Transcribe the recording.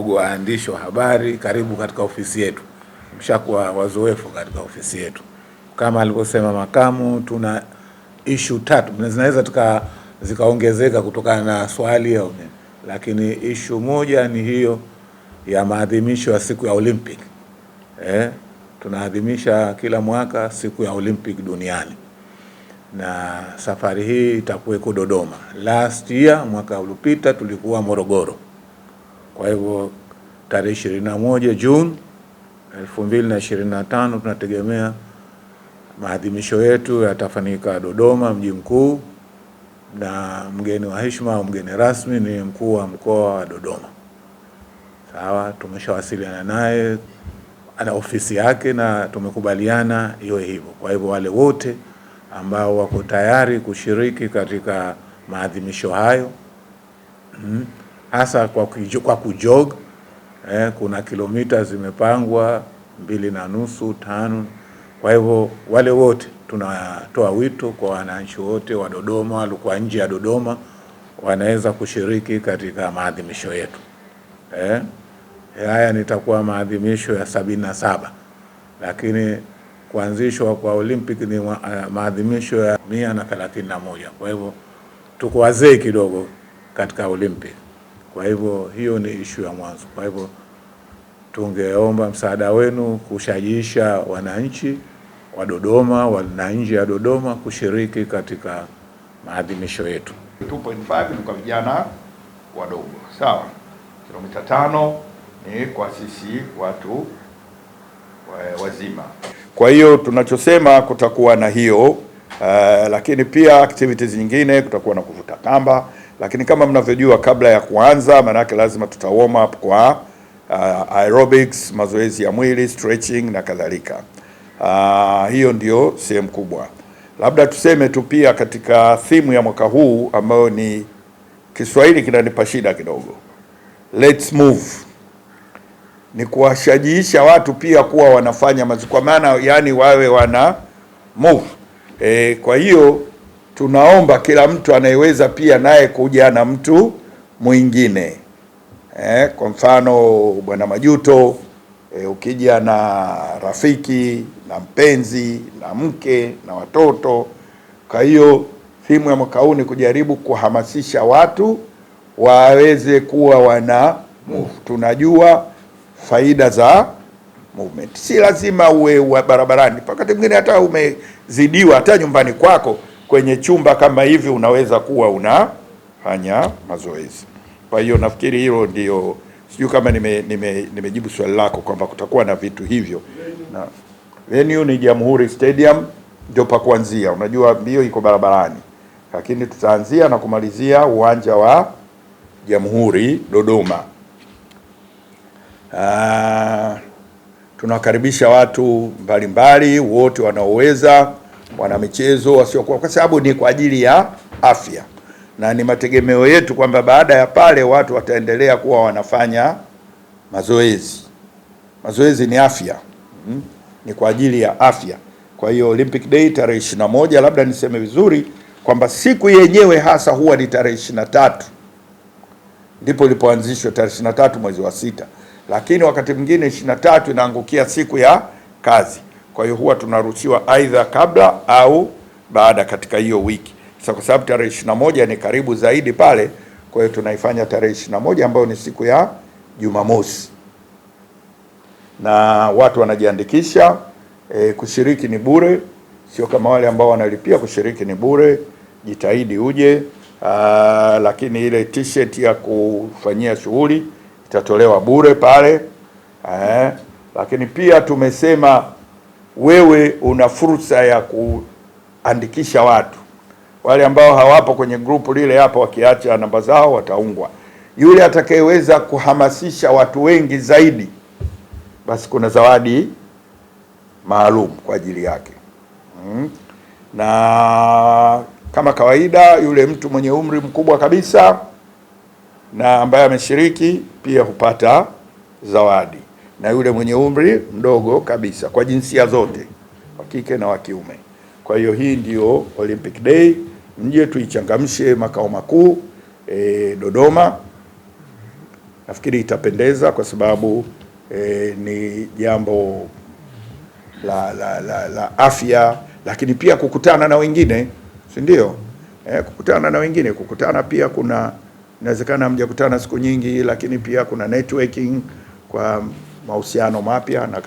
ndugu waandishi wa habari, karibu katika ofisi yetu. Mshakuwa wazoefu katika ofisi yetu. Kama alivyosema makamu, tuna ishu tatu zinaweza zikaongezeka kutokana na swali ya umeme, lakini ishu moja ni hiyo ya maadhimisho ya siku ya Olympic. Eh, tunaadhimisha kila mwaka siku ya Olympic duniani na safari hii itakuweko Dodoma. Last year mwaka uliopita tulikuwa Morogoro. Kwa hivyo tarehe ishirini na moja Juni elfu mbili na ishirini na tano tunategemea maadhimisho yetu yatafanyika Dodoma, mji mkuu, na mgeni wa heshima au mgeni rasmi ni mkuu wa mkoa wa Dodoma. Sawa, tumeshawasiliana naye, ana ofisi yake na tumekubaliana iwe hivyo. Kwa hivyo wale wote ambao wako tayari kushiriki katika maadhimisho hayo mm hasa kwa, kujo, kwa kujog eh, kuna kilomita zimepangwa mbili na nusu tano. Kwa hivyo wale wote tunatoa wito kwa wananchi wote wa Dodoma walikuwa nje ya Dodoma wanaweza kushiriki katika maadhimisho yetu eh. Haya nitakuwa maadhimisho ya sabini na saba lakini kuanzishwa kwa Olympic ni eh, maadhimisho ya mia na thelathini na moja. Kwa hivyo tuko wazee kidogo katika Olympic. Kwa hivyo hiyo ni ishu ya mwanzo. Kwa hivyo tungeomba msaada wenu kushajiisha wananchi wa Dodoma na nje ya Dodoma kushiriki katika maadhimisho yetu. 2.5 ni kwa vijana wadogo, sawa. Kilomita tano ni kwa sisi watu wazima. Kwa hiyo tunachosema kutakuwa na hiyo uh, lakini pia activities nyingine kutakuwa na kuvuta kamba lakini kama mnavyojua, kabla ya kuanza, maanake lazima tuta warm up kwa uh, aerobics, mazoezi ya mwili, stretching na kadhalika. Uh, hiyo ndio sehemu kubwa. Labda tuseme tu pia katika thimu ya mwaka huu ambayo ni Kiswahili kinanipa shida kidogo, let's move, ni kuwashajiisha watu pia kuwa wanafanya mazoezi kwa maana yani wawe wana move e, kwa hiyo tunaomba kila mtu anayeweza pia naye kuja na mtu mwingine eh, kwa mfano bwana Majuto eh, ukija na rafiki na mpenzi na mke na watoto. Kwa hiyo simu ya mwaka huu ni kujaribu kuhamasisha watu waweze kuwa wana move. Tunajua faida za movement, si lazima uwe barabarani, wakati mwingine hata umezidiwa hata nyumbani kwako kwenye chumba kama hivi unaweza kuwa unafanya mazoezi. Kwa hiyo nafikiri hilo ndio, sijui kama nimejibu nime, nime swali lako kwamba kutakuwa na vitu hivyo na venue ni Jamhuri Stadium ndio pa kuanzia. Unajua mbio iko barabarani, lakini tutaanzia na kumalizia uwanja wa Jamhuri Dodoma. Aa, ah, tunawakaribisha watu mbalimbali wote wanaoweza wanamichezo wasiokuwa, kwa sababu ni kwa ajili ya afya na ni mategemeo yetu kwamba baada ya pale watu wataendelea kuwa wanafanya mazoezi. Mazoezi ni afya hmm? Ni kwa ajili ya afya. Kwa hiyo Olympic Day tarehe ishirini na moja, labda niseme vizuri kwamba siku yenyewe hasa huwa ni tarehe ishirini na tatu ndipo ilipoanzishwa tarehe ishirini na tatu mwezi wa sita, lakini wakati mwingine ishirini na tatu inaangukia siku ya kazi. Kwa hiyo huwa tunaruhusiwa aidha kabla au baada katika hiyo wiki. Sasa kwa sababu tarehe ishirini na moja ni karibu zaidi pale, kwa hiyo tunaifanya tarehe ishirini na moja ambayo ni siku ya Jumamosi na watu wanajiandikisha. E, kushiriki ni bure, sio kama wale ambao wanalipia. Kushiriki ni bure, jitahidi uje. Aa, lakini ile t-shirt ya kufanyia shughuli itatolewa bure pale. Aa, e, lakini pia tumesema wewe una fursa ya kuandikisha watu wale ambao hawapo kwenye grupu lile, hapo wakiacha namba zao wataungwa. Yule atakayeweza kuhamasisha watu wengi zaidi, basi kuna zawadi maalum kwa ajili yake mm. Na kama kawaida, yule mtu mwenye umri mkubwa kabisa na ambaye ameshiriki pia hupata zawadi na yule mwenye umri mdogo kabisa kwa jinsia zote, wa kike na wa kiume. Kwa hiyo hii ndio Olympic Day, mje tuichangamshe makao makuu e, Dodoma. Nafikiri itapendeza kwa sababu e, ni jambo la, la, la, la afya, lakini pia kukutana na wengine, si ndio? E, kukutana na wengine, kukutana pia kuna inawezekana mjakutana siku nyingi, lakini pia kuna networking kwa mausiano, mapia, na